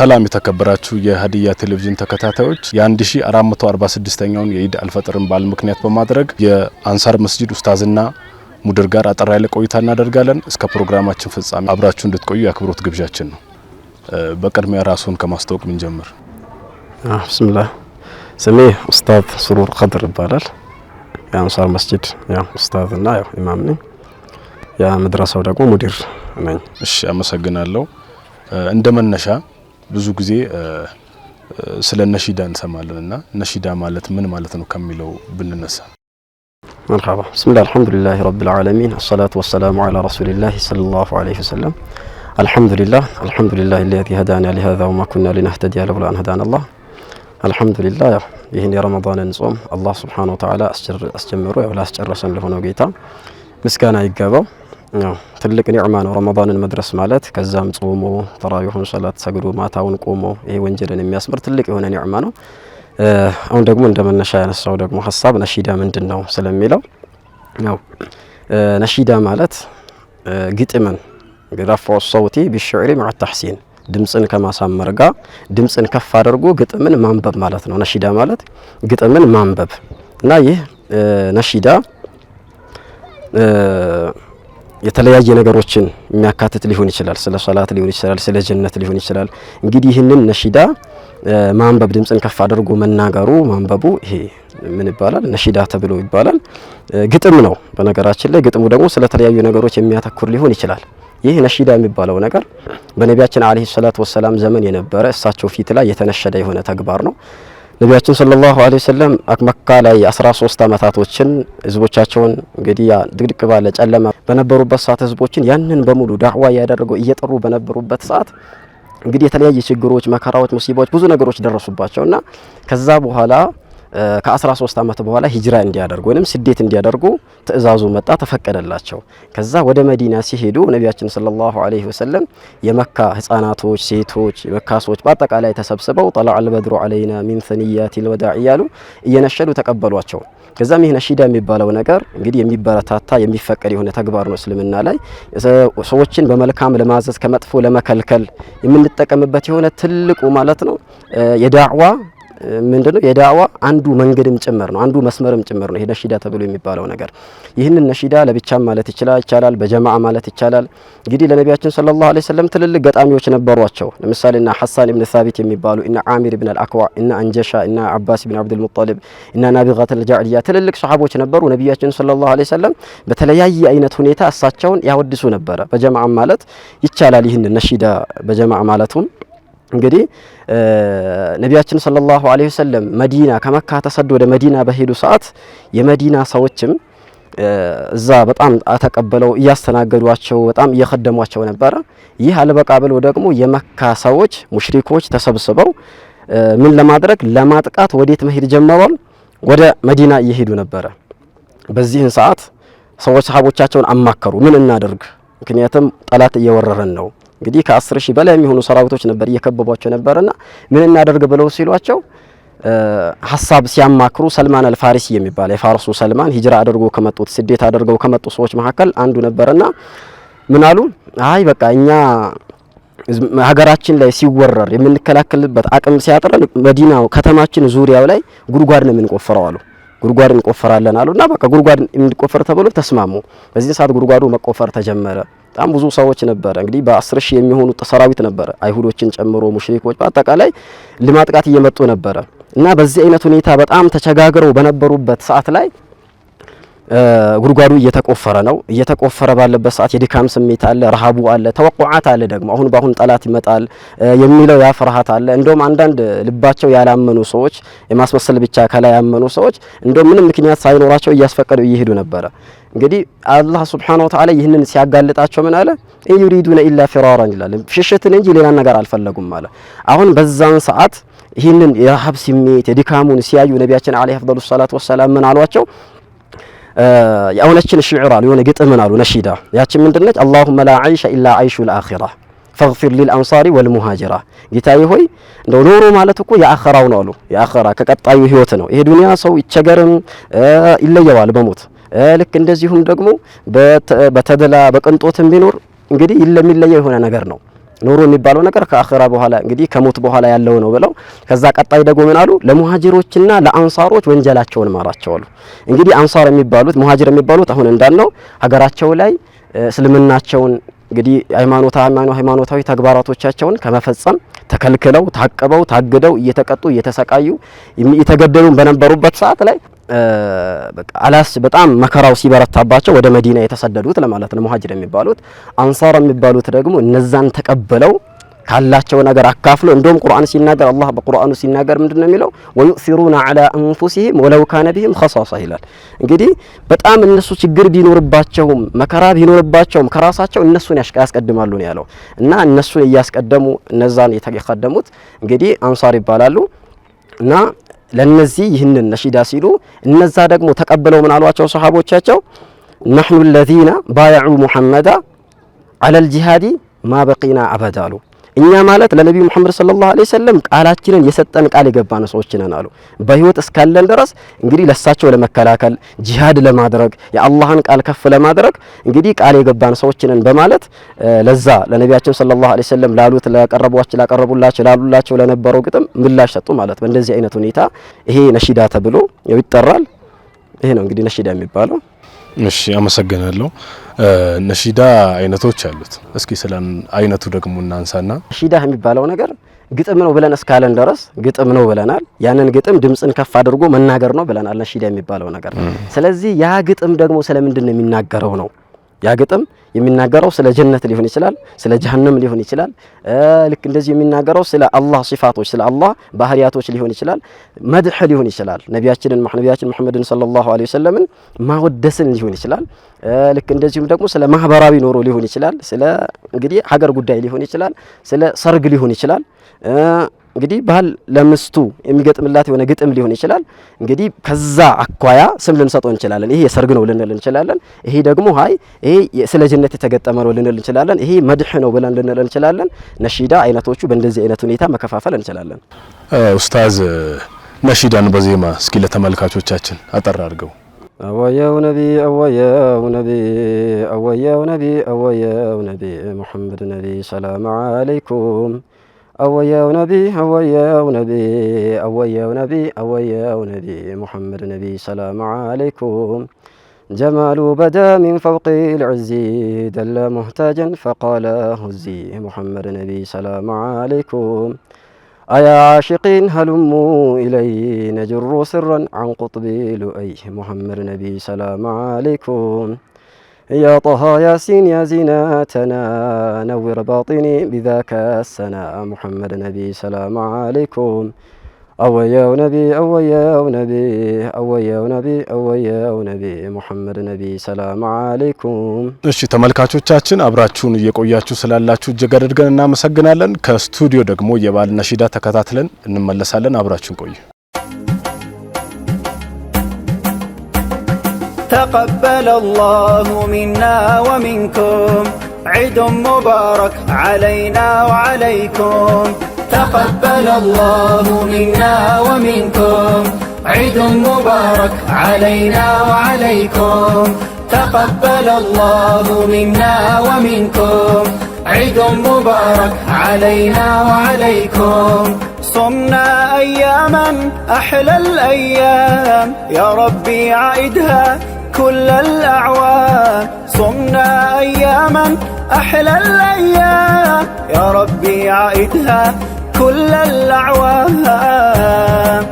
ሰላም የተከበራችሁ የሀዲያ ቴሌቪዥን ተከታታዮች የ1446ኛውን የኢድ አልፈጥርን በዓል ምክንያት በማድረግ የአንሳር መስጂድ ኡስታዝና ሙድር ጋር አጠር ያለ ቆይታ እናደርጋለን። እስከ ፕሮግራማችን ፍጻሜ አብራችሁ እንድትቆዩ የአክብሮት ግብዣችን ነው። በቅድሚያ ራሱን ከማስታወቅ ምን ጀምር። ብስምላ ስሜ ኡስታዝ ስሩር ከድር ይባላል። የአንሳር መስጂድ ኡስታዝና ኢማም ነኝ። የመድረሳው ደግሞ ሙዲር ነኝ። እሺ አመሰግናለሁ። እንደ መነሻ ብዙ ጊዜ ስለ ነሺዳ እንሰማለን እና ነሺዳ ማለት ምን ማለት ነው ከሚለው ብንነሳ መርሐባ ብስሚላ አልሐምዱሊላህ ረብልዓለሚን አሰላቱ ወሰላሙ ዐላ ረሱሊላህ ሰለላሁ ዐለይሂ ወሰለም አልሐምዱሊላህ አልሐምዱሊላህ ለዚ ሀዳና ሊሀዛ ወማ ኩና ሊነህተዲያ ለውላ ሀዳና አላህ አልሐምዱሊላህ ይህን የረመዳንን ጾም አላህ ስብሓነሁ ወተዓላ አስጀምሮ ያው ላስጨረሰን ለሆነው ጌታ ምስጋና ይገባው ትልቅ ኒዕማ ነው ረመዳንን መድረስ ማለት። ከዛም ጾሞ ተራዊሑን ሰላት ሰግዶ ማታውን ቆሞ ይሄ ወንጀልን የሚያስምር ትልቅ የሆነ ኒዕማ ነው። አሁን ደግሞ እንደ መነሻ ያነሳው ደግሞ ሀሳብ ነሺዳ ምንድን ነው ስለሚለው ያው ነሺዳ ማለት ግጥምን ረፎ ሰውቲ ቢሽዕሪ መዓ ተሕሲን ድምፅን ከማሳመር ጋር ድምፅን ከፍ አድርጎ ግጥምን ማንበብ ማለት ነው። ነሺዳ ማለት ግጥምን ማንበብ እና ይህ ነሺዳ የተለያየ ነገሮችን የሚያካትት ሊሆን ይችላል። ስለ ሶላት ሊሆን ይችላል፣ ስለ ጀነት ሊሆን ይችላል። እንግዲህ ይህንን ነሺዳ ማንበብ ድምፅን ከፍ አድርጎ መናገሩ ማንበቡ ይሄ ምን ይባላል? ነሺዳ ተብሎ ይባላል። ግጥም ነው። በነገራችን ላይ ግጥሙ ደግሞ ስለ ተለያዩ ነገሮች የሚያተኩር ሊሆን ይችላል። ይህ ነሺዳ የሚባለው ነገር በነቢያችን አለይሂ ሰላት ወሰላም ዘመን የነበረ እሳቸው ፊት ላይ የተነሸደ የሆነ ተግባር ነው። ነቢያችን ሰለላሁ ዐለይሂ ወሰለም መካ ላይ 13 ዓመታቶችን ህዝቦቻቸውን እንግዲህ ድቅድቅ ባለ ጨለማ በነበሩበት ሰዓት ህዝቦችን ያንን በሙሉ ዳዕዋ እያደረገው እየጠሩ በነበሩበት ሰዓት እንግዲህ የተለያየ ችግሮች፣ መከራዎች፣ ሙሲባዎች ብዙ ነገሮች ደረሱባቸውና ከዛ በኋላ ከ13 ዓመት በኋላ ሂጅራ እንዲያደርጉ ወይም ስደት እንዲያደርጉ ትእዛዙ መጣ፣ ተፈቀደላቸው። ከዛ ወደ መዲና ሲሄዱ ነቢያችን ሰለላሁ ዐለይሂ ወሰለም የመካ ህፃናቶች፣ ሴቶች፣ የመካ ሰዎች በአጠቃላይ ተሰብስበው ጠላዕ አልበድሩ ዐለይና ሚን ሰኒያቲል እያሉ እየነሸዱ ተቀበሏቸው። ከዛም ይህ ነሺዳ የሚባለው ነገር እንግዲህ የሚበረታታ የሚፈቀድ የሆነ ተግባር ነው። እስልምና ላይ ሰዎችን በመልካም ለማዘዝ ከመጥፎ ለመከልከል የምንጠቀምበት የሆነ ትልቁ ማለት ነው የዳዕዋ ምንድነው የዳዋ አንዱ መንገድም ጭምር ነው፣ አንዱ መስመርም ጭምር ነው ይሄ ነሺዳ ተብሎ የሚባለው ነገር። ይህንን ነሺዳ ለብቻም ማለት ይቻላል፣ በጀማዓ ማለት ይቻላል። እንግዲህ ለነቢያችን ሰለላሁ ዐለይሂ ወሰለም ትልልቅ ገጣሚዎች ነበሯቸው። ለምሳሌ እና ሐሳን ኢብኑ ሳቢት የሚባሉ እና አሚር ኢብኑ አልአክዋ እና አንጀሻ እና አባስ ኢብኑ አብዱል ሙጠሊብ እና ናቢጋት አልጃዕልያ ትልልቅ ሰሃቦች ነበሩ። ነቢያችን ሰለላሁ ዐለይሂ ወሰለም በተለያየ አይነት ሁኔታ እሳቸውን ያወድሱ ነበረ። በጀማዓ ማለት ይቻላል ይህንን ነሺዳ በጀማዓ ማለቱም። እንግዲህ ነቢያችን ሰለላሁ ዐለይሂ ወሰለም መዲና ከመካ ተሰዶ ወደ መዲና በሄዱ ሰዓት የመዲና ሰዎችም እዛ በጣም ተቀበለው እያስተናገዷቸው በጣም እየከደሟቸው ነበረ። ይህ አልበቃ ብሎ ደግሞ የመካ ሰዎች ሙሽሪኮች ተሰብስበው ምን ለማድረግ ለማጥቃት ወዴት መሄድ ጀመሯል? ወደ መዲና እየሄዱ ነበረ። በዚህን ሰዓት ሰዎች ሰሃቦቻቸውን አማከሩ፣ ምን እናደርግ? ምክንያቱም ጠላት እየወረረን ነው እንግዲህ ከአስር ሺህ በላይ የሚሆኑ ሰራዊቶች ነበር እየከበቧቸው ነበርና ምን እናደርግ ብለው ሲሏቸው ሀሳብ ሲያማክሩ ሰልማን አልፋሪሲ የሚባል የፋርሱ ሰልማን ሂጅራ አድርጎ ከመጡት ስደት አድርገው ከመጡ ሰዎች መካከል አንዱ ነበርና ምን አሉ? አይ በቃ እኛ ሀገራችን ላይ ሲወረር የምንከላከልበት አቅም ሲያጥረን መዲናው ከተማችን ዙሪያው ላይ ጉድጓድ ነው የምንቆፍረው አሉ። ጉድጓድ እንቆፈራለን አሉና በቃ ጉድጓድ እንቆፈር ተብሎ ተስማሙ። በዚህ ሰዓት ጉድጓዱ መቆፈር ተጀመረ። በጣም ብዙ ሰዎች ነበረ። እንግዲህ በአስር ሺህ የሚሆኑ ሰራዊት ነበረ፣ አይሁዶችን ጨምሮ ሙሽሪኮች በአጠቃላይ ለማጥቃት እየመጡ ነበረ እና በዚህ አይነት ሁኔታ በጣም ተቸጋግረው በነበሩበት ሰዓት ላይ ጉድጓዱ እየተቆፈረ ነው። እየተቆፈረ ባለበት ሰዓት የድካም ስሜት አለ፣ ረሃቡ አለ፣ ተወቋዓት አለ። ደግሞ አሁን በአሁን ጠላት ይመጣል የሚለው ያ ፍርሃት አለ። እንደውም አንዳንድ ልባቸው ያላመኑ ሰዎች የማስመሰል ብቻ ከላይ ያመኑ ሰዎች እንደውም ምንም ምክንያት ሳይኖራቸው እያስፈቀዱ እየሄዱ ነበረ። እንግዲህ አላህ ስብሓነ ወተዓላ ይህንን ሲያጋልጣቸው ምን አለ? ኢዩሪዱነ ኢላ ፊራራን ይላል። ሽሽትን እንጂ ሌላ ነገር አልፈለጉም አለ። አሁን በዛን ሰዓት ይህንን የረሃብ ስሜት የድካሙን ሲያዩ ነቢያችን አለይሂ አፍደሉ ሰላቱ ወሰላም ምን አሏቸው? የሆነችን ሽዕር አሉ፣ የሆነ ግጥምን አሉ፣ ነሺዳ። ያችን ምንድነች? አላሁመ ላ ዐይሸ ኢላ አይሹ ልአኺራ ፈግፊር ሊልአንሳሪ ወልሙሃጅራ። ጌታዬ ሆይ እንደው ኖሮ ማለት እኮ የአኸራው ነው አሉ። የአኸራ ከቀጣዩ ህይወት ነው። ይሄ ዱንያ ሰው ይቸገርም ይለየዋል በሞት ልክ እንደዚሁም ደግሞ በተድላ በቅንጦትም ቢኖር እንግዲህ ለሚለየው የሆነ ነገር ነው። ኑሮ የሚባለው ነገር ከአኸራ በኋላ እንግዲህ ከሞት በኋላ ያለው ነው ብለው ከዛ ቀጣይ ደግሞ ምን አሉ? ለሙሃጅሮችና ለአንሳሮች ወንጀላቸውን ማራቸው አሉ። እንግዲህ አንሳር የሚባሉት ሙሃጅር የሚባሉት አሁን እንዳልነው ሀገራቸው ላይ እስልምናቸውን እንግዲህ ሃይማኖታ ሃይማኖታዊ ተግባራቶቻቸውን ከመፈጸም ተከልክለው ታቅበው ታግደው እየተቀጡ እየተሰቃዩ የተገደሉ በነበሩበት ሰዓት ላይ አላስ በጣም መከራው ሲበረታባቸው ወደ መዲና የተሰደዱት ለማለት ነው ሙሃጅር የሚባሉት። አንሳር የሚባሉት ደግሞ እነዛን ተቀበለው ካላቸው ነገር አካፍለው እንደውም ቁርአን ሲናገር አላህ በቁርአኑ ሲናገር ምንድነው የሚለው ወዩእሲሩና አላ አንፉሲሂም ወለው ካነ ቢሂም ኸሳሳ ይላል። እንግዲህ በጣም እነሱ ችግር ቢኖርባቸውም መከራ ቢኖርባቸውም ከራሳቸው እነሱን ያስቀድማሉ ነው ያለው እና እነሱን እያስቀደሙ እነዛን የተቀደሙት እንግዲህ አንሳር ይባላሉ እና ለነዚህ ይህንን ነሺዳ ሲሉ እነዛ ደግሞ ተቀብለው ምን አሏቸው ሰሓቦቻቸው ነሕኑ አለዚነ ባያዑ ሙሐመዳ አለል ጂሃዲ ማ በቂና አሉ እኛ ማለት ለነቢዩ መሐመድ ሰለላሁ ዐለይሂ ወሰለም ቃላችንን የሰጠን ቃል የገባን ሰዎች ነን አሉ። በህይወት እስካለን ድረስ እንግዲህ ለሳቸው ለመከላከል ጂሃድ ለማድረግ የአላህን ቃል ከፍ ለማድረግ እንግዲህ ቃል የገባን ሰዎች ነን በማለት ለዛ ለነቢያችን ሰለላሁ ዐለይሂ ወሰለም ላሉት ላቀረቧቸው ላቀረቡላቸው ላሉላቸው ለነበረው ግጥም ምላሽ ሰጡ ማለት በእንደዚህ አይነት ሁኔታ ይሄ ነሺዳ ተብሎ ይጠራል። ይሄ ነው እንግዲህ ነሺዳ የሚባለው። እሺ አመሰግናለሁ። ነሺዳ አይነቶች አሉት። እስኪ ስለ አይነቱ ደግሞ እናንሳና ነሺዳ የሚባለው ነገር ግጥም ነው ብለን እስካለን ድረስ ግጥም ነው ብለናል። ያንን ግጥም ድምፅን ከፍ አድርጎ መናገር ነው ብለናል ነሺዳ የሚባለው ነገር። ስለዚህ ያ ግጥም ደግሞ ስለምንድን ነው የሚናገረው ነው ያ ግጥም የሚናገረው ስለ ጀነት ሊሆን ይችላል፣ ስለ ጀሀነም ሊሆን ይችላል። ልክ እንደዚህ የሚናገረው ስለ አላህ ሲፋቶች፣ ስለ አላህ ባህሪያቶች ሊሆን ይችላል። መድህ ሊሆን ይችላል። ነቢያችንን ነቢያችን መሐመድን ሰለላሁ ዐለይሂ ወሰለምን ማወደስን ሊሆን ይችላል። ልክ እንደዚሁም ደግሞ ስለ ማህበራዊ ኑሮ ሊሆን ይችላል። ስለ እንግዲህ ሀገር ጉዳይ ሊሆን ይችላል። ስለ ሰርግ ሊሆን ይችላል። እንግዲህ ባል ለምስቱ የሚገጥምላት የሆነ ግጥም ሊሆን ይችላል። እንግዲህ ከዛ አኳያ ስም ልንሰጠው እንችላለን። ይሄ የሰርግ ነው ልንል እንችላለን። ይሄ ደግሞ ሀይ ይሄ ስለ ጅነት የተገጠመ ነው ልንል እንችላለን። ይሄ መድህ ነው ብለን ልንል እንችላለን። ነሺዳ አይነቶቹ በእንደዚህ አይነት ሁኔታ መከፋፈል እንችላለን። ኡስታዝ ነሺዳን በዜማ እስኪ ለተመልካቾቻችን አጠር አድርገው አወየው ነቢ አወየው ነቢ አወየው ነቢ አወየው ነቢ ሙሐመድ ነቢ ሰላም አለይኩም أويا نبي أويا نبي أويا نبي أويا نبي محمد نبي سلام عليكم جمال بدا من فوق العز دل مهتاجا فقال هزي محمد نبي سلام عليكم أيا عاشقين هلموا إلي نجر سرا عن قطب لؤي محمد نبي سلام عليكم يا طه ياسين يا زينتنا نور باطني بذاك السنا محمد نبي سلام عليكم أوياو نبي أوياو نبي أوياو نبي አወያው ነቢ ሙሐመድ ነቢ ሰላም አለይኩም። እሺ ተመልካቾቻችን አብራችሁን እየቆያችሁ ስላላችሁ እጅግ አድርገን እናመሰግናለን። ከስቱዲዮ ደግሞ የበዓልና ሺዳ ተከታትለን እንመለሳለን። አብራችሁን ቆዩ። تقبل الله منا ومنكم عيد مبارك علينا وعليكم تقبل الله منا ومنكم عيد مبارك علينا وعليكم تقبل الله منا ومنكم عيد مبارك علينا وعليكم صمنا أياما أحلى الأيام يا ربي عيدها كل الأعوام صمنا أياما أحلى الأيام يا ربي عائدها كل الأعوام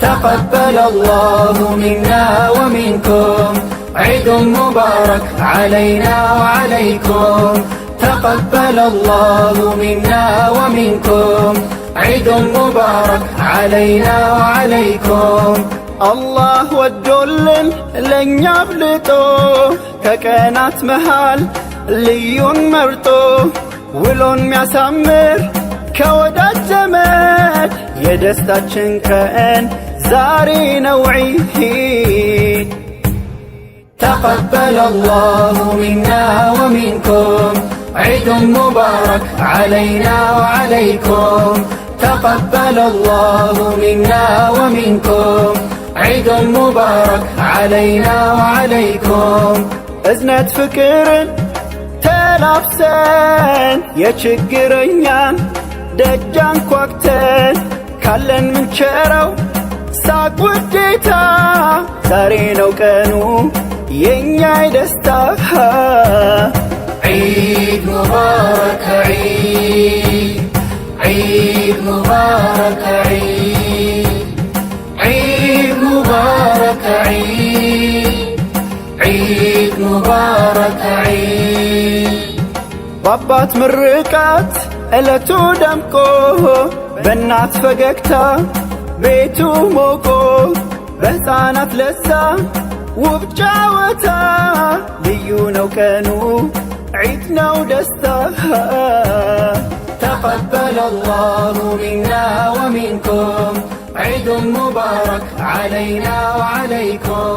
تقبل الله منا ومنكم عيد مبارك علينا وعليكم تقبل الله منا ومنكم عيد مبارك علينا وعليكم አላህ ወዶልን ለእኛ አብልጦ ከቀናት መሃል ልዩን መርጦ ውሎን ሚያሳምር ከወዳጅ ዘመድ የደስታችን ቀን ዛሬ ነው ዒድ ተቀበለ አላሁ ሚና ወሚንኩም عيد مبارك علينا وعليكم تقبل الله منا ومنكم ዒዶን ሙባረክ ዓለይና ወዓለይኩም እዝነት ፍቅርን ተላብሰን የችግረኛን ደጃን ኳክተን ካለን ምንቸረው ሳቅ ውዴታ ዛሬ ነው ቀኑ የእኛ ደስታ ዒድ ሙባረክ ዒድ ዒድ ሙባረክ ዒድ ሙባረክ ዒድ ሙባረክ ዒድ በአባት ምርቃት ዕለቱ ደምቆ በእናት ፈገግታ ቤቱ ሞቆ በሕፃናት ለሳ ውብ ጨዋታ ልዩ ነው ቀኑ ዒድ ነው ደስታ ተቀበለ አላሁ ሚና ወሚንኩም عيد مبارك علينا وعليكم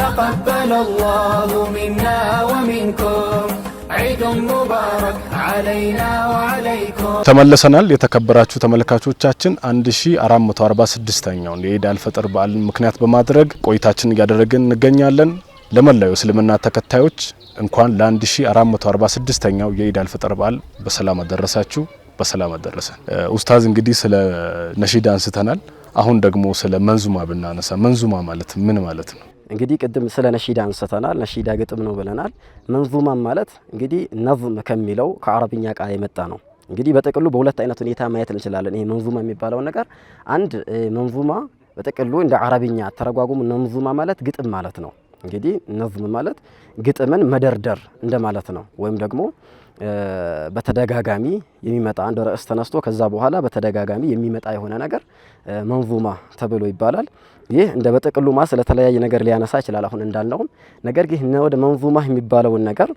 تقبل الله منا ومنكم ተመልሰናል። የተከበራችሁ ተመልካቾቻችን 1446ኛውን የኢድ አልፈጥር በዓልን ምክንያት በማድረግ ቆይታችን እያደረግን እንገኛለን። ለመላው እስልምና ተከታዮች እንኳን ለ1446ኛው የኢድ አልፈጥር በዓል በሰላም አደረሳችሁ፣ በሰላም አደረሰን። ኡስታዝ እንግዲህ ስለ ነሺድ አንስተናል። አሁን ደግሞ ስለ መንዙማ ብናነሳ መንዙማ ማለት ምን ማለት ነው? እንግዲህ ቅድም ስለ ነሺዳ አንስተናል። ነሺዳ ግጥም ነው ብለናል። መንዙማ ማለት እንግዲህ ነዝም ከሚለው ከአረብኛ ቃል የመጣ ነው። እንግዲህ በጥቅሉ በሁለት አይነት ሁኔታ ማየት እንችላለን። ይሄ መንዙማ የሚባለውን ነገር አንድ መንዙማ በጥቅሉ እንደ አረብኛ አተረጓጉም መንዙማ ማለት ግጥም ማለት ነው። እንግዲህ ነዝም ማለት ግጥምን መደርደር እንደማለት ነው ወይም ደግሞ በተደጋጋሚ የሚመጣ አንድ ርዕስ ተነስቶ ከዛ በኋላ በተደጋጋሚ የሚመጣ የሆነ ነገር መንዙማ ተብሎ ይባላል። ይህ እንደ በጥቅሉ ማ ስለተለያየ ነገር ሊያነሳ ይችላል አሁን እንዳልነውም። ነገር ግን ወደ መንዙማ የሚባለውን ነገር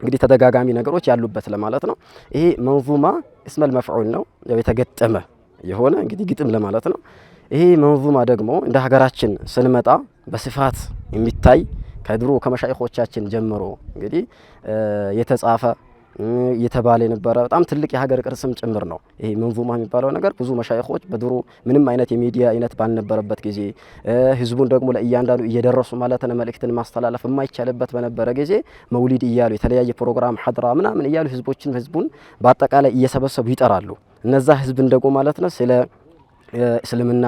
እንግዲህ ተደጋጋሚ ነገሮች ያሉበት ለማለት ነው። ይሄ መንዙማ እስመል መፍዑል ነው፣ ያው የተገጠመ የሆነ እንግዲህ ግጥም ለማለት ነው። ይሄ መንዙማ ደግሞ እንደ ሀገራችን ስንመጣ በስፋት የሚታይ ከድሮ ከመሻይኮቻችን ጀምሮ እንግዲህ የተጻፈ የተባለ የነበረ በጣም ትልቅ የሀገር ቅርስም ጭምር ነው። ይሄ መንዙማ የሚባለው ነገር ብዙ መሻይኮች በድሮ ምንም አይነት የሚዲያ አይነት ባልነበረበት ጊዜ ህዝቡን ደግሞ ለእያንዳንዱ እየደረሱ ነው መልእክትን ማስተላለፍ የማይቻልበት በነበረ ጊዜ መውሊድ እያሉ የተለያየ ፕሮግራም ሀድራ ምናምን እያሉ ህዝቦችን ህዝቡን በአጠቃላይ እየሰበሰቡ ይጠራሉ። እነዛ ህዝብን ደግሞ ማለት ነው ስለ እስልምና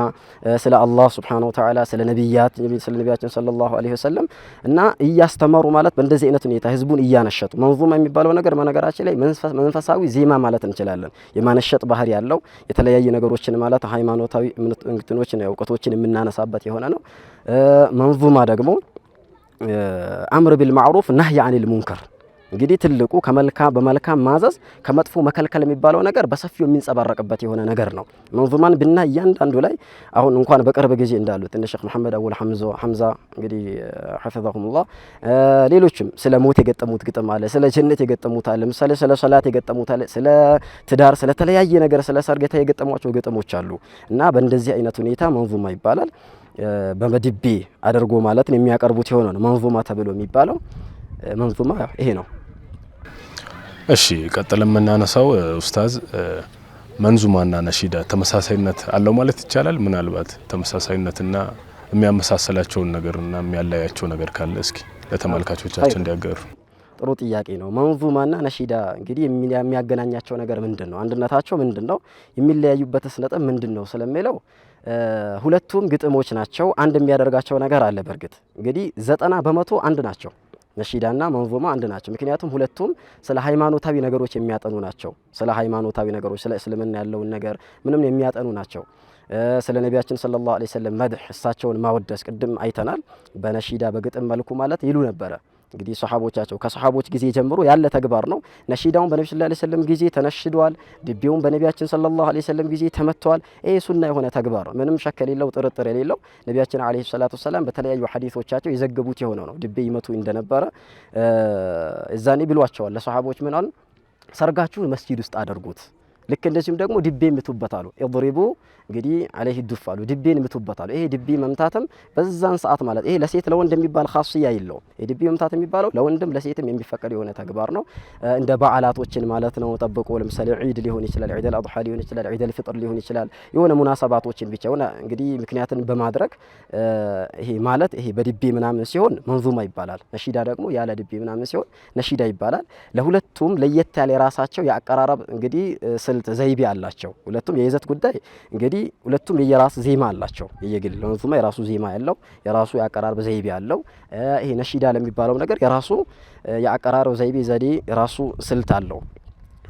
ስለ አላህ ስብሓነ ወተዓላ ስለ ነቢያት ስለ ነቢያችን ሰለላሁ ዐለይሂ ወሰለም እና እያስተማሩ ማለት በእንደዚህ አይነት ሁኔታ ህዝቡን እያነሸጡ መንዙማ የሚባለው ነገር በነገራችን ላይ መንፈሳዊ ዜማ ማለት እንችላለን። የማነሸጥ ባህር ያለው የተለያዩ ነገሮችን ማለት ሃይማኖታዊ እንትኖችን እውቀቶችን የምናነሳበት የሆነ ነው። መንዙማ ደግሞ አምር ቢልማዕሩፍ ናህይ አኒል ሙንከር እንግዲህ ትልቁ ከመልካ በመልካም ማዘዝ ከመጥፎ መከልከል የሚባለው ነገር በሰፊው የሚንጸባረቅበት የሆነ ነገር ነው። መንዙማን ብና እያንዳንዱ ላይ አሁን እንኳን በቅርብ ጊዜ እንዳሉት እነ ሼክ መሐመድ አቡል ሐምዛ እንግዲህ ሐፊዘሁሙላህ፣ ሌሎችም ስለ ሞት የገጠሙት ግጥም አለ፣ ስለ ጀነት የገጠሙት አለ፣ ምሳሌ ስለ ሰላት የገጠሙት አለ፣ ስለ ትዳር፣ ስለተለያየ ነገር ስለ ሰርጌታ የገጠሟቸው ግጥሞች አሉ እና በእንደዚህ አይነት ሁኔታ መንዙማ ይባላል። በመድቤ አድርጎ ማለት የሚያቀርቡት የሆነ ነው መንዙማ ተብሎ የሚባለው። መንዙማ ይሄ ነው። እሺ ቀጥል የምናነሳው ኡስታዝ መንዙማና ነሺዳ ተመሳሳይነት አለው ማለት ይቻላል። ምናልባት ተመሳሳይነትና የሚያመሳሰላቸውን ነገርና የሚያለያቸው ነገር ካለ እስኪ ለተመልካቾቻችን እንዲያገሩ። ጥሩ ጥያቄ ነው። መንዙማና ነሺዳ እንግዲህ የሚያገናኛቸው ነገር ምንድን ነው? አንድነታቸው ምንድን ነው? የሚለያዩበትስ ነጥብ ምንድን ነው ስለሚለው ሁለቱም ግጥሞች ናቸው። አንድ የሚያደርጋቸው ነገር አለ። በእርግጥ እንግዲህ ዘጠና በመቶ አንድ ናቸው። ነሺዳና መንዞማ አንድ ናቸው። ምክንያቱም ሁለቱም ስለ ሃይማኖታዊ ነገሮች የሚያጠኑ ናቸው። ስለ ሃይማኖታዊ ነገሮች፣ ስለ እስልምና ያለውን ነገር ምንም የሚያጠኑ ናቸው። ስለ ነቢያችን ሰለላሁ ዐለይሂ ወሰለም መድህ፣ እሳቸውን ማወደስ ቅድም አይተናል። በነሺዳ በግጥም መልኩ ማለት ይሉ ነበረ እንግዲህ ሰሓቦቻቸው ከሰሓቦች ጊዜ ጀምሮ ያለ ተግባር ነው። ነሺዳውን በነቢ ስለ ሰለም ጊዜ ተነሽዷል ድቤውን በነቢያችን ሰለላሁ ዐለይሂ ወሰለም ጊዜ ተመተዋል። ይሄ ሱና የሆነ ተግባር ነው። ምንም ሸክ የሌለው ጥርጥር የሌለው ነቢያችን ዐለይሂ ሰላቱ ወሰላም በተለያዩ ሐዲሶቻቸው የዘገቡት የሆነ ነው። ድቤ ይመቱ እንደነበረ እዛኔ ብሏቸዋል ለሰሓቦች ምን አሉ? ሰርጋችሁ መስጂድ ውስጥ አድርጉት ልክ እንደዚሁም ደግሞ ድቤ ምቱበት አሉ። ኢድሪቡ እንግዲህ አለይህ ዱፍ አሉ። ድቤን ምቱበት አሉ። ይሄ ድቤ መምታትም በዛን ሰዓት ማለት ይሄ ለሴት ለወንድ የሚባል የለው። ይሄ ድቤ መምታት የሚባለው ለወንድም ለሴትም የሚፈቀድ የሆነ ተግባር ነው። እንደ በዓላቶችን ማለት ነው ጠብቆ ለምሳሌ ዒድ ሊሆን ይችላል፣ ዒድ አድሓ ሊሆን ይችላል፣ ዒድ ፍጥር ሊሆን ይችላል። የሆነ ሙናሰባቶችን ብቻ ሆነ እንግዲህ ምክንያትን በማድረግ ይሄ ማለት ይሄ በድቤ ምናምን ሲሆን መንዙማ ይባላል። ነሺዳ ደግሞ ያለ ድቤ ምናምን ሲሆን ነሺዳ ይባላል። ለሁለቱም ለየት ያለ የራሳቸው የአቀራረብ እንግዲህ ስልት፣ ዘይቤ አላቸው። ሁለቱም የይዘት ጉዳይ እንግዲህ ሁለቱም የየራስ ዜማ አላቸው። የየግል ለመንዙማ የራሱ ዜማ ያለው የራሱ የአቀራረብ ዘይቤ ያለው ይሄ ነሺዳ ለሚባለው ነገር የራሱ የአቀራረብ ዘይቤ ዘዴ የራሱ ስልት አለው።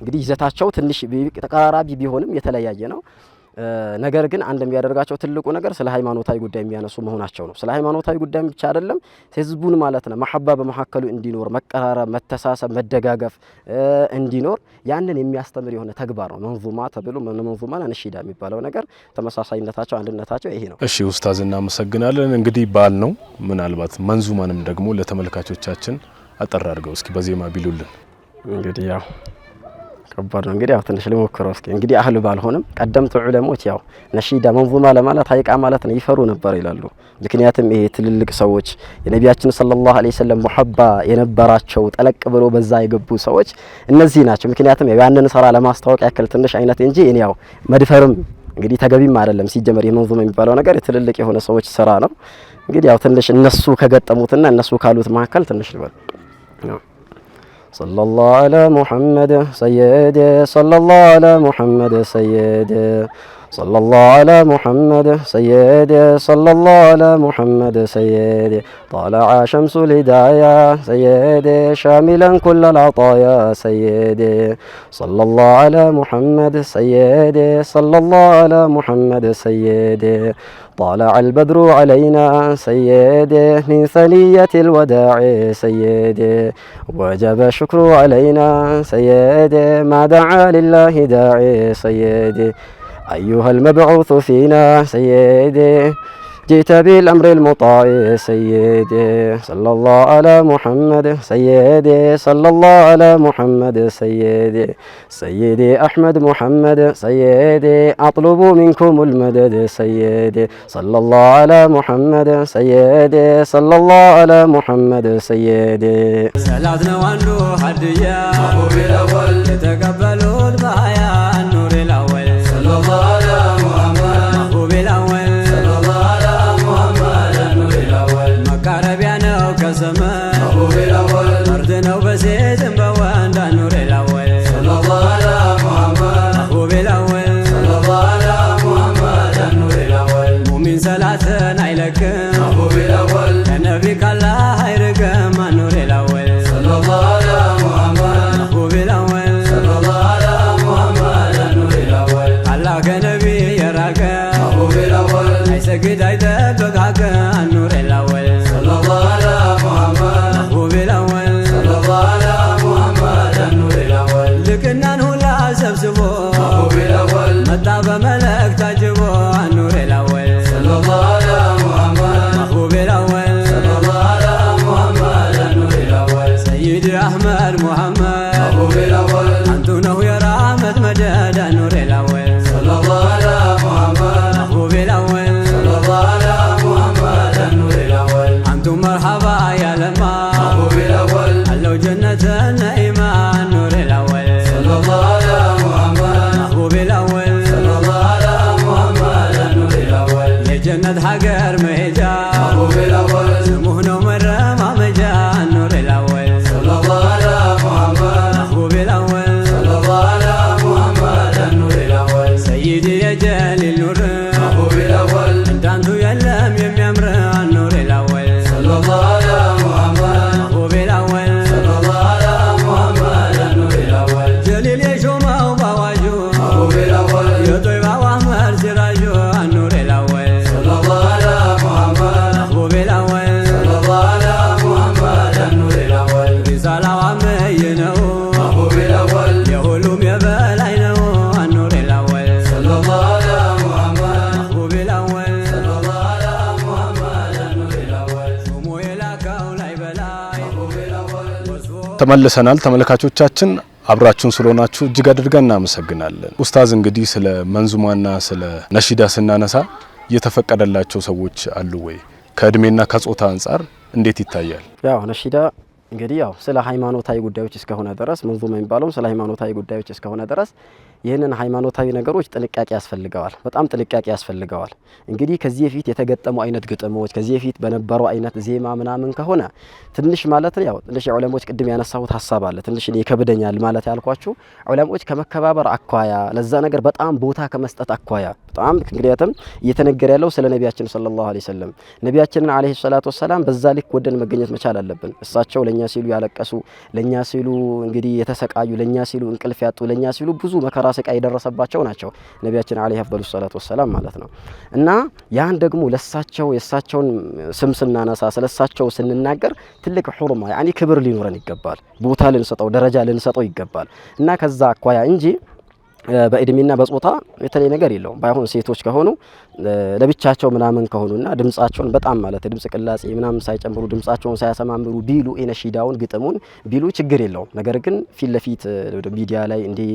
እንግዲህ ይዘታቸው ትንሽ ተቀራራቢ ቢሆንም የተለያየ ነው። ነገር ግን አንድ የሚያደርጋቸው ትልቁ ነገር ስለ ሃይማኖታዊ ጉዳይ የሚያነሱ መሆናቸው ነው። ስለ ሃይማኖታዊ ጉዳይ ብቻ አይደለም ህዝቡን ማለት ነው መሐባ በመካከሉ እንዲኖር መቀራረብ፣ መተሳሰብ፣ መደጋገፍ እንዲኖር ያንን የሚያስተምር የሆነ ተግባር ነው መንዙማ ተብሎ መንዙማ ነሺዳ የሚባለው ነገር ተመሳሳይነታቸው፣ አንድነታቸው ይሄ ነው። እሺ ኡስታዝ እናመሰግናለን። እንግዲህ በዓል ነው። ምናልባት መንዙማንም ደግሞ ለተመልካቾቻችን አጠር አድርገው እስኪ በዜማ ቢሉልን እንግዲህ ያው ከባድ ነው እንግዲህ ያው ትንሽ ልሞክረው እስኪ እንግዲህ አህሉ ባልሆንም ቀደምት ዑለሞች ያው ነሺዳ መንዙማ ለማለት ሀይቃ ማለት ነው ይፈሩ ነበር ይላሉ። ምክንያቱም ይሄ ትልልቅ ሰዎች የነቢያችን ሰለላሁ ዐለይሂ ወሰለም ሙሐባ የነበራቸው ጠለቅ ብሎ በዛ የገቡ ሰዎች እነዚህ ናቸው። ምክንያቱም ያንን ስራ ለማስታወቅ ያክል ትንሽ አይነት እንጂ እኔ ያው መድፈርም እንግዲህ ተገቢም አይደለም። ሲጀመር የመንዙማ የሚባለው ነገር የትልልቅ የሆነ ሰዎች ስራ ነው። እንግዲህ ያው ትንሽ እነሱ ከገጠሙትና እነሱ ካሉት መካከል ትንሽ ልበል صلى الله على محمد سيدي صلى الله على محمد سيدي صلى الله على محمد سيدي صلى الله على محمد سيدي طالع شمس الهداية سيدي شاملا كل العطايا سيدي صلى الله على محمد سيدي صلى الله على محمد سيدي طالع البدر علينا سيدي من ثلية الوداع سيدي وجب الشكر علينا سيدي ما دعا لله داعي سيدي أيها المبعوث فينا سيدي جئت بالأمر المطاع سيدي صلى الله على محمد سيدي صلى الله على محمد سيدي سيدي أحمد محمد سيدي أطلب منكم المدد سيدي صلى الله على محمد سيدي صلى الله على محمد سيدي سلاتنا وانو هديا أبو الأول تقبل ተመልሰናል። ተመልካቾቻችን አብራችሁን ስለሆናችሁ እጅግ አድርገን እናመሰግናለን። ኡስታዝ እንግዲህ ስለ መንዙማና ስለ ነሺዳ ስናነሳ የተፈቀደላቸው ሰዎች አሉ ወይ? ከእድሜና ከጾታ አንጻር እንዴት ይታያል? ያው ነሺዳ እንግዲህ ያው ስለ ሃይማኖታዊ ጉዳዮች እስከሆነ ድረስ መንዙማ የሚባለውም ስለ ሃይማኖታዊ ጉዳዮች እስከሆነ ድረስ ይህንን ሃይማኖታዊ ነገሮች ጥንቃቄ ያስፈልገዋል፣ በጣም ጥንቃቄ ያስፈልገዋል። እንግዲህ ከዚህ በፊት የተገጠሙ አይነት ግጥሞች ከዚህ በፊት በነበረው አይነት ዜማ ምናምን ከሆነ ትንሽ ማለት ያው ትንሽ የዑለሞች ቅድም ያነሳሁት ሀሳብ አለ ትንሽ ይከብደኛል ማለት ያልኳችሁ ዑለሞች ከመከባበር አኳያ ለዛ ነገር በጣም ቦታ ከመስጠት አኳያ በጣም ምክንያትም እየተነገረ ያለው ስለ ነቢያችን ሰለላሁ ዐለይሂ ወሰለም ነቢያችንን ዐለይሂ ሰላቱ ወሰላም በዛ ልክ ወደን መገኘት መቻል አለብን። እሳቸው ለእኛ ሲሉ ያለቀሱ፣ ለእኛ ሲሉ እንግዲህ የተሰቃዩ፣ ለእኛ ሲሉ እንቅልፍ ያጡ፣ ለእኛ ሲሉ ብዙ መከራ መከራ ስቃይ የደረሰባቸው ናቸው ነቢያችን አለይሂ አፍዶሉ ሰላቱ ወሰላም ማለት ነው። እና ያን ደግሞ ለሳቸው የእሳቸውን ስም ስናነሳ ስለሳቸው ስንናገር ትልቅ ሁርማ ያኒ ክብር ሊኖረን ይገባል፣ ቦታ ልንሰጠው፣ ደረጃ ልንሰጠው ይገባል እና ከዛ አኳያ እንጂ በእድሜና በጾታ የተለየ ነገር የለውም። ባይሆን ሴቶች ከሆኑ ለብቻቸው ምናምን ከሆኑና ድምጻቸውን በጣም ማለት ድምጽ ቅላጼ ምናምን ሳይጨምሩ ድምጻቸውን ሳያሰማምሩ ቢሉ ኤነሺዳውን ግጥሙን ቢሉ ችግር የለውም። ነገር ግን ፊት ለፊት ሚዲያ ላይ እንዲህ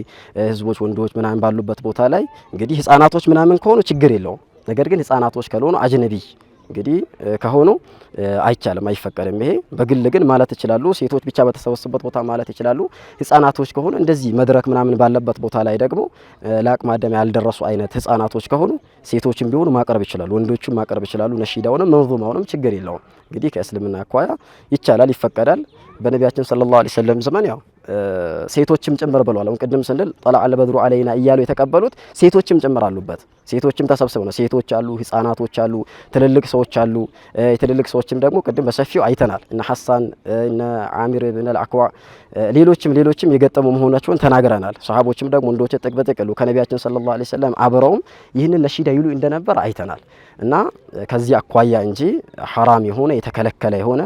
ህዝቦች ወንዶች ምናምን ባሉበት ቦታ ላይ እንግዲህ ህጻናቶች ምናምን ከሆኑ ችግር የለውም። ነገር ግን ህጻናቶች ካልሆኑ አጅነቢ እንግዲህ ከሆኑ አይቻልም፣ አይፈቀድም። ይሄ በግል ግን ማለት ይችላሉ። ሴቶች ብቻ በተሰበሰቡበት ቦታ ማለት ይችላሉ። ህጻናቶች ከሆኑ እንደዚህ መድረክ ምናምን ባለበት ቦታ ላይ ደግሞ ለአቅመ አዳም ያልደረሱ አይነት ህጻናቶች ከሆኑ ሴቶችም ቢሆኑ ማቅረብ ይችላሉ፣ ወንዶችም ማቅረብ ይችላሉ። ነሺዳውንም መንዙማውንም ችግር የለውም። እንግዲህ ከእስልምና አኳያ ይቻላል፣ ይፈቀዳል። በነቢያችን ሰለላሁ ዐለይሂ ወሰለም ዘመን ያው ሴቶችም ጭምር ብለዋል። አሁን ቅድም ስንል ጠላ አልበድሩ አለይና እያሉ የተቀበሉት ሴቶችም ጭምር አሉበት። ሴቶችም ተሰብስበው ነው። ሴቶች አሉ፣ ህፃናቶች አሉ፣ ትልልቅ ሰዎች አሉ። የትልልቅ ሰዎችም ደግሞ ቅድም በሰፊው አይተናል። እነ ሐሳን እነ አሚር ብን አልአክዋ ሌሎችም ሌሎችም የገጠሙ መሆናቸውን ተናግረናል። ሰሃቦችም ደግሞ እንዶች ጥቅ በጥቅ ሉ ከነቢያችን ሰለላሁ ዐለይሂ ወሰለም አብረውም ይህንን ለሺዳ ይሉ እንደነበር አይተናል። እና ከዚህ አኳያ እንጂ ሐራም የሆነ የተከለከለ የሆነ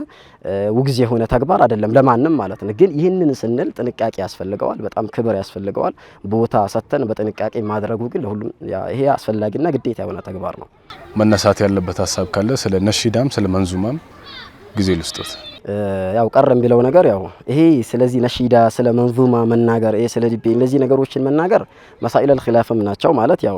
ውግዝ የሆነ ተግባር አይደለም ለማንም ማለት ነው። ግን ይህንን ስንል ጥንቃቄ ያስፈልገዋል፣ በጣም ክብር ያስፈልገዋል። ቦታ ሰጥተን በጥንቃቄ ማድረጉ ግን ለሁሉም ይሄ አስፈላጊና ግዴታ የሆነ ተግባር ነው። መነሳት ያለበት ሀሳብ ካለ ስለ ነሺዳም ስለ መንዙማም ጊዜ ልስጦት። ያው ቀር የሚለው ነገር ያው ይሄ ስለዚህ ነሺዳ ስለ መንዙማ መናገር ይሄ ስለ ዲቤ እነዚህ ነገሮችን መናገር መሳኢለል ኺላፍም ናቸው ማለት ያው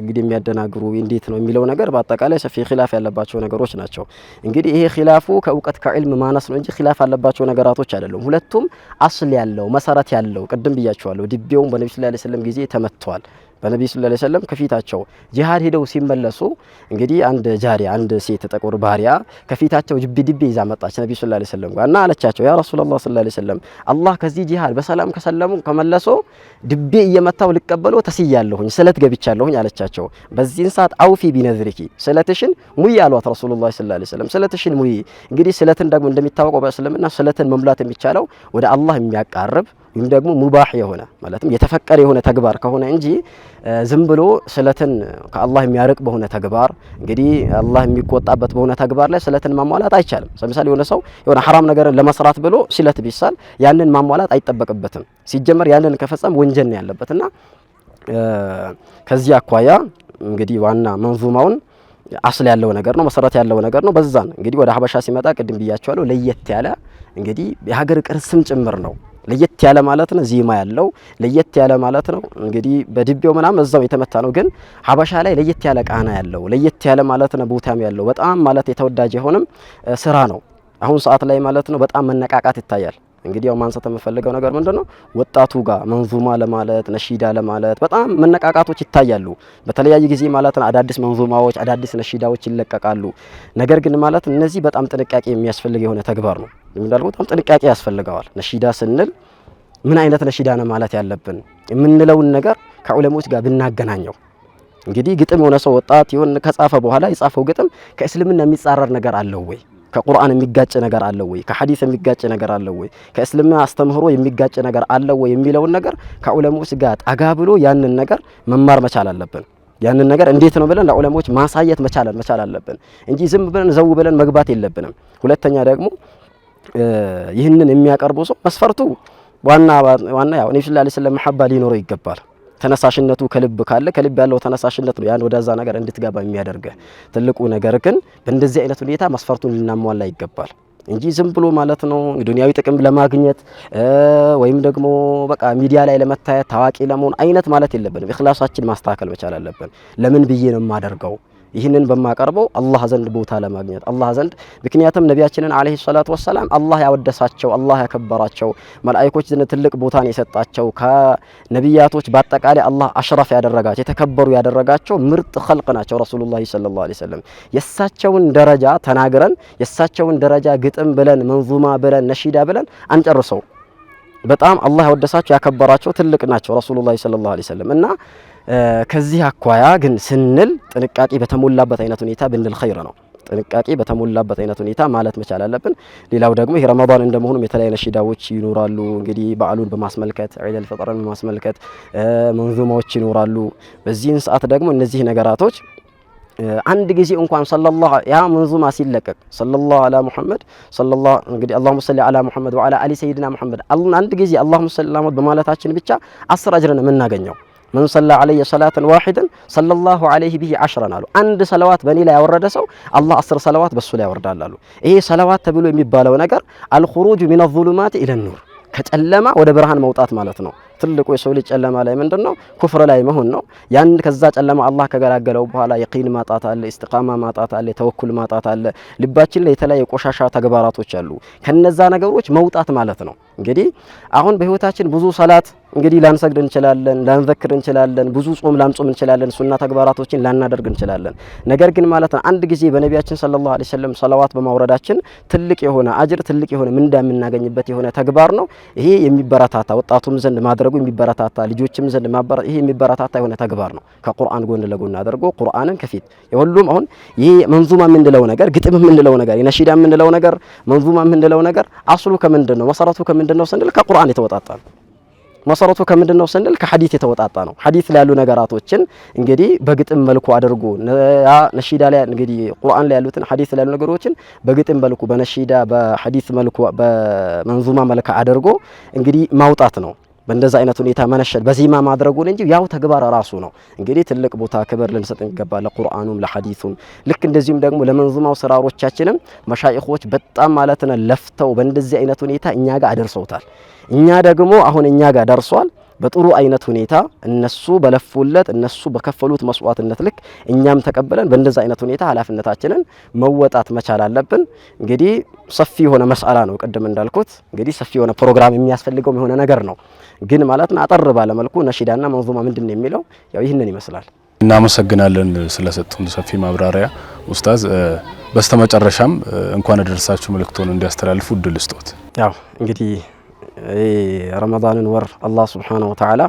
እንግዲህ የሚያደናግሩ እንዴት ነው የሚለው ነገር በአጠቃላይ ሰፊ ኺላፍ ያለባቸው ነገሮች ናቸው። እንግዲህ ይሄ ኺላፉ ከእውቀት ከዕልም ማነስ ነው እንጂ ኺላፍ ያለባቸው ነገራቶች አይደለም። ሁለቱም አስል ያለው መሰረት ያለው ቅድም ብያቸዋለሁ። ዲቤውም በነቢ ስላ ስለም ጊዜ ተመትተዋል። በነቢዩ ስለ ላ ሰለም ከፊታቸው ጂሃድ ሄደው ሲመለሱ እንግዲህ አንድ ጃሪያ አንድ ሴት ጥቁር ባሪያ ከፊታቸው ጅቢ ድቤ ይዛ መጣች ነቢዩ ስለ ላ ሰለም ጋር እና አለቻቸው ያ ረሱላላህ ስለ ላ ሰለም አላህ ከዚህ ጂሃድ በሰላም ከሰለሙ ከመለሶ ድቤ እየመታው ልቀበሎ ተስያለሁኝ ስለት ገብቻለሁኝ አለቻቸው። በዚህን ሰዓት አውፊ ቢነዝሪኪ ስለትሽን ሙይ አሏት ረሱሉ ላ ስለ ላ ሰለም ስለትሽን ሙይ። እንግዲህ ስለትን ደግሞ እንደሚታወቀው በእስልምና ስለትን መሙላት የሚቻለው ወደ አላህ የሚያቃርብ ወይም ደግሞ ሙባህ የሆነ ማለትም የተፈቀደ የሆነ ተግባር ከሆነ እንጂ ዝም ብሎ ስለትን ከአላህ የሚያርቅ በሆነ ተግባር እንግዲህ አላህ የሚቆጣበት በሆነ ተግባር ላይ ስለትን ማሟላት አይቻልም። ለምሳሌ የሆነ ሰው የሆነ ሐራም ነገርን ለመስራት ብሎ ስለት ቢሳል ያንን ማሟላት አይጠበቅበትም። ሲጀመር ያንን ከፈጸም ወንጀል ነው ያለበትና ከዚህ አኳያ እንግዲህ ዋና መንዙማውን አስል ያለው ነገር ነው፣ መሰረት ያለው ነገር ነው። በዛን እንግዲህ ወደ ሀበሻ ሲመጣ ቅድም ብያቸዋለሁ ለየት ያለ እንግዲህ የሀገር ቅርስም ጭምር ነው። ለየት ያለ ማለት ነው። ዜማ ያለው ለየት ያለ ማለት ነው። እንግዲህ በድቤው ምናምን እዛው የተመታ ነው፣ ግን ሀበሻ ላይ ለየት ያለ ቃና ያለው ለየት ያለ ማለት ነው። ቦታም ያለው በጣም ማለት የተወዳጅ የሆነም ስራ ነው። አሁን ሰዓት ላይ ማለት ነው በጣም መነቃቃት ይታያል። እንግዲህ ያው ማንሳት የምፈልገው ነገር ምንድነው ወጣቱ ጋር መንዙማ ለማለት ነሺዳ ለማለት በጣም መነቃቃቶች ይታያሉ። በተለያየ ጊዜ ማለት አዳዲስ መንዙማዎች፣ አዳዲስ ነሺዳዎች ይለቀቃሉ። ነገር ግን ማለት እነዚህ በጣም ጥንቃቄ የሚያስፈልግ የሆነ ተግባር ነው። እንዳልኩ በጣም ጥንቃቄ ያስፈልገዋል። ነሺዳ ስንል ምን አይነት ነሺዳ ነው ማለት ያለብን የምንለውን ነገር ከዑለሞች ጋር ብናገናኘው እንግዲህ ግጥም የሆነ ሰው ወጣት ይሁን ከጻፈ በኋላ የጻፈው ግጥም ከእስልምና የሚጻረር ነገር አለው ወይ ከቁርአን የሚጋጭ ነገር አለ ወይ፣ ከሐዲስ የሚጋጭ ነገር አለ ወይ፣ ከእስልምና አስተምህሮ የሚጋጭ ነገር አለ ወይ የሚለውን ነገር ከዑለሞች ጋር ጠጋ ብሎ ያንን ነገር መማር መቻል አለብን። ያንን ነገር እንዴት ነው ብለን ለዑለሞች ማሳየት መቻል መቻል አለብን እንጂ ዝም ብለን ዘው ብለን መግባት የለብንም። ሁለተኛ ደግሞ ይህንን የሚያቀርቡ ሰው መስፈርቱ ዋና ዋና ያው ነብዩ ሰለላሁ ዐለይሂ ወሰለም መሐባ ሊኖረው ይገባል። ተነሳሽነቱ ከልብ ካለ ከልብ ያለው ተነሳሽነት ነው ያን ወደዛ ነገር እንድትገባ የሚያደርገ ትልቁ ነገር። ግን በእንደዚህ አይነት ሁኔታ መስፈርቱን ልናሟላ ይገባል እንጂ ዝም ብሎ ማለት ነው ዱንያዊ ጥቅም ለማግኘት ወይም ደግሞ በቃ ሚዲያ ላይ ለመታየት ታዋቂ ለመሆን አይነት ማለት የለብንም። እክላሳችን ማስተካከል መቻል አለብን። ለምን ብዬ ነው የማደርገው ይህንን በማቀርበው አላህ ዘንድ ቦታ ለማግኘት አላህ ዘንድ ምክንያቱም ነቢያችንን አለይሂ ሰላቱ ወሰላም አላህ ያወደሳቸው አላህ ያከበራቸው መላእክቶች ዘንድ ትልቅ ቦታን የሰጣቸው ከነቢያቶች በአጠቃላይ አላህ አሽራፍ ያደረጋቸው የተከበሩ ያደረጋቸው ምርጥ ኸልቅ ናቸው ረሱሉላህ ሰለላሁ ዐለይሂ ወሰለም። የእሳቸውን ደረጃ ተናግረን የእሳቸውን ደረጃ ግጥም ብለን መንዙማ ብለን ነሺዳ ብለን አንጨርሰው። በጣም አላህ ያወደሳቸው ያከበራቸው ትልቅ ናቸው ረሱሉላህ ሰለላሁ ዐለይሂ ወሰለም እና ከዚህ አኳያ ግን ስንል ጥንቃቄ በተሞላበት አይነት ሁኔታ ብንል ኸይር ነው። ጥንቃቄ በተሞላበት አይነት ሁኔታ ማለት መቻል አለብን። ሌላው ደግሞ ይሄ ረመዳን እንደመሆኑ የተለያዩ ነሺዳዎች ይኖራሉ። እንግዲህ በዓሉን በማስመልከት ዒደል ፈጥርን በማስመልከት መንዙማዎች ይኖራሉ። በዚህን ሰዓት ደግሞ እነዚህ ነገራቶች አንድ ጊዜ እንኳን ሰለላሁ ያ መንዙማ ሲለቀቅ ሰለላሁ ዐላ ሙሐመድ ሰለላሁ እንግዲህ አላሁመ ሰሊ ዐላ ሙሐመድ ወዐላ አሊ ሰይድና ሙሐመድ አንድ ጊዜ አላሁመ ሰሊ ዐላ ሙሐመድ በማለታችን ብቻ አስር አጅር ነው የምናገኘው። መን ሰላ አለየ ሰላተን ዋሂደን ሰለላሁ አለይህ ብሂ አሽረን አሉ። አንድ ሰለዋት በእኔ ላይ ያወረደ ሰው አላህ አስር ሰለዋት በእሱ ላይ ያወርዳል አሉ። ይሄ ሰለዋት ተብሎ የሚባለው ነገር አልኹሩጅ ሚነ ዙሉማት ኢለኑር ከጨለማ ወደ ብርሃን መውጣት ማለት ነው። ትልቁ የሰው ልጅ ጨለማ ላይ ምንድን ነው? ኩፍር ላይ መሆን ነው። ያን ከዛ ጨለማ አላህ ከገላገለው በኋላ የቂን ማጣት አለ፣ ኢስቲቃማ ማጣት አለ፣ ተወኩል ማጣት አለ። ልባችን ላይ የተለያዩ ቆሻሻ ተግባራቶች አሉ። ከነዛ ነገሮች መውጣት ማለት ነው። እንግዲህ አሁን በህይወታችን ብዙ ሰላት እንግዲህ ላንሰግድ እንችላለን፣ ላንዘክር እንችላለን፣ ብዙ ጾም ላንጾም እንችላለን፣ ሱና ተግባራቶችን ላናደርግ እንችላለን። ነገር ግን ማለት ነው አንድ ጊዜ በነቢያችን ሰለላሁ ዐለይሂ ወሰለም ሰለዋት በማውረዳችን ትልቅ የሆነ አጅር ትልቅ የሆነ ምንዳ የምናገኝበት የሆነ ተግባር ነው። ይሄ የሚበረታታ ወጣቱም ዘንድ ማድረጉ የሚበረታታ ልጆችም ዘንድ ማበረ ይሄ የሚበረታታ የሆነ ተግባር ነው። ከቁርአን ጎን ለጎን አድርጎ ቁርአንን ከፊት የሁሉም አሁን ይሄ መንዙማ የምንለው ነገር ግጥም የምንለው ነገር የነሺዳ የምንለው ነገር መንዙማ የምንለው ነገር አስሉ ከምንድን ነው መሰረቱ ከምንድን ነው ስንል ከቁርአን የተወጣጣ ነው። መሰረቱ ከምንድን ነው ስንል ከሐዲት የተወጣጣ ነው። ሐዲት ላይ ያሉ ነገራቶችን እንግዲህ በግጥም መልኩ አድርጎ ነሺዳ ላይ እንግዲህ ቁርአን ላይ ያሉትን ሐዲት ላይ ያሉ ነገሮችን በግጥም መልኩ በነሺዳ በሐዲት መልኩ በመንዙማ መልክ አድርጎ እንግዲህ ማውጣት ነው። በእንደዛ አይነት ሁኔታ መነሸል በዚማ ማድረጉን እንጂ ያው ተግባር ራሱ ነው። እንግዲህ ትልቅ ቦታ ክብር ልንሰጥ ይገባል፣ ለቁርአኑም ለሐዲሱም። ልክ እንደዚሁም ደግሞ ለመንዙማው ስራሮቻችንም መሻይኾች በጣም ማለት ነው ለፍተው በእንደዚህ አይነት ሁኔታ እኛ ጋር አደርሰውታል። እኛ ደግሞ አሁን እኛ ጋር ደርሷል። በጥሩ አይነት ሁኔታ እነሱ በለፉለት እነሱ በከፈሉት መስዋዕትነት ልክ እኛም ተቀብለን በእንደዛ አይነት ሁኔታ ኃላፊነታችንን መወጣት መቻል አለብን። እንግዲህ ሰፊ የሆነ መስአላ ነው። ቅድም እንዳልኩት እንግዲህ ሰፊ የሆነ ፕሮግራም የሚያስፈልገው የሆነ ነገር ነው። ግን ማለት ነው አጠር ባለመልኩ ነሺዳና መንዙማ ምንድን ነው የሚለው ያው ይህንን ይመስላል። እናመሰግናለን ስለሰጡን ሰፊ ማብራሪያ ኡስታዝ። በስተመጨረሻም እንኳን አደረሳችሁ መልእክቶን እንዲያስተላልፉ እድል ስጦት ያው እንግዲህ ረመዳንን ወር አላህ ሱብሓነሁ ወተዓላ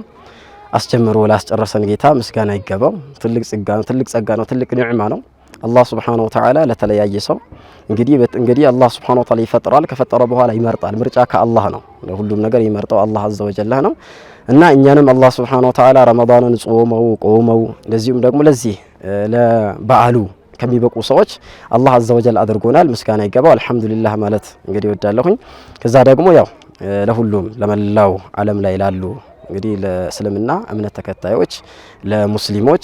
አስጀምሮ ላስጨረሰን ጌታ ምስጋና ይገባው። ትልቅ ጸጋ ነው፣ ትልቅ ጸጋ ነው፣ ትልቅ ኒዕማ ነው። አላህ ሱብሓነሁ ወተዓላ ለተለያየ ሰው እንግዲህ እንግዲህ አላህ ሱብሓነሁ ወተዓላ ይፈጥራል። ከፈጠረ በኋላ ይመርጣል። ምርጫ ከአላህ ነው። ለሁሉም ነገር ይመርጠው አላህ አዘ ወጀል ነው እና እኛንም አላህ ሱብሓነሁ ወተዓላ ረመዳንን ጾመው ቆመው እንደዚሁም ደግሞ ለዚህ ለበዓሉ ከሚበቁ ሰዎች አላህ አዘ ወጀል አድርጎናል። ምስጋና ይገባው። አልሐምዱሊላህ ማለት እንግዲህ እወዳለሁኝ። ከዛ ደግሞ ያው ለሁሉም ለመላው ዓለም ላይ ላሉ እንግዲህ ለእስልምና እምነት ተከታዮች ለሙስሊሞች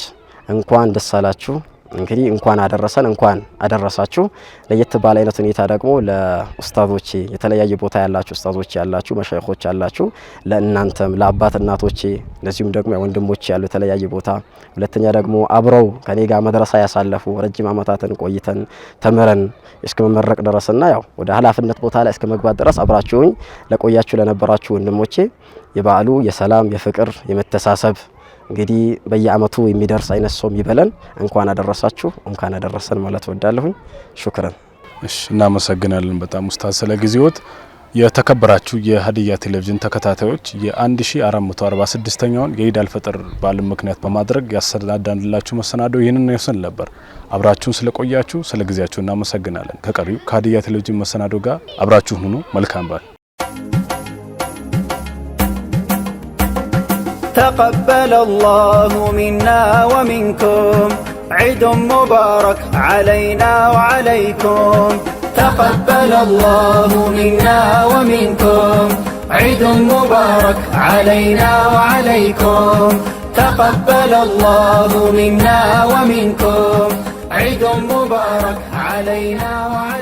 እንኳን ደስ አላችሁ እንግዲህ እንኳን አደረሰን እንኳን አደረሳችሁ። ለየት ባለ አይነት ሁኔታ ደግሞ ለኡስታዞቼ የተለያየ ቦታ ያላችሁ ኡስታዞች ያላችሁ መሻይኾች ያላችሁ ለእናንተም ለአባት እናቶቼ፣ እንደዚሁም ደግሞ ወንድሞች ያሉ የተለያየ ቦታ ሁለተኛ ደግሞ አብረው ከኔ ጋር መድረሳ ያሳለፉ ረጅም ዓመታትን ቆይተን ተምረን እስከ መመረቅ ድረስና ያው ወደ ኃላፊነት ቦታ ላይ እስከ መግባት ድረስ አብራችሁኝ ለቆያችሁ ለነበራችሁ ወንድሞቼ የበዓሉ የሰላም የፍቅር የመተሳሰብ እንግዲህ በየአመቱ የሚደርስ አይነት ሰው ይበለን። እንኳን አደረሳችሁ እንኳን አደረሰን ማለት ወዳለሁኝ። ሹክረን። እሺ፣ እናመሰግናለን በጣም ኡስታዝ ስለ ጊዜዎት። የተከበራችሁ የሀዲያ ቴሌቪዥን ተከታታዮች የ1446ኛውን የኢድ አልፈጥር በዓልን ምክንያት በማድረግ ያሰናዳንላችሁ መሰናዶ ይህንን ይወስን ነበር። አብራችሁን ስለቆያችሁ ስለ ጊዜያችሁ እናመሰግናለን። ከቀሪው ከሀዲያ ቴሌቪዥን መሰናዶ ጋር አብራችሁ ሁኑ። መልካም በዓል تقبل الله منا ومنكم عيد مبارك علينا وعليكم تقبل الله منا ومنكم عيد مبارك علينا وعليكم تقبل الله منا ومنكم عيد مبارك علينا وعليكم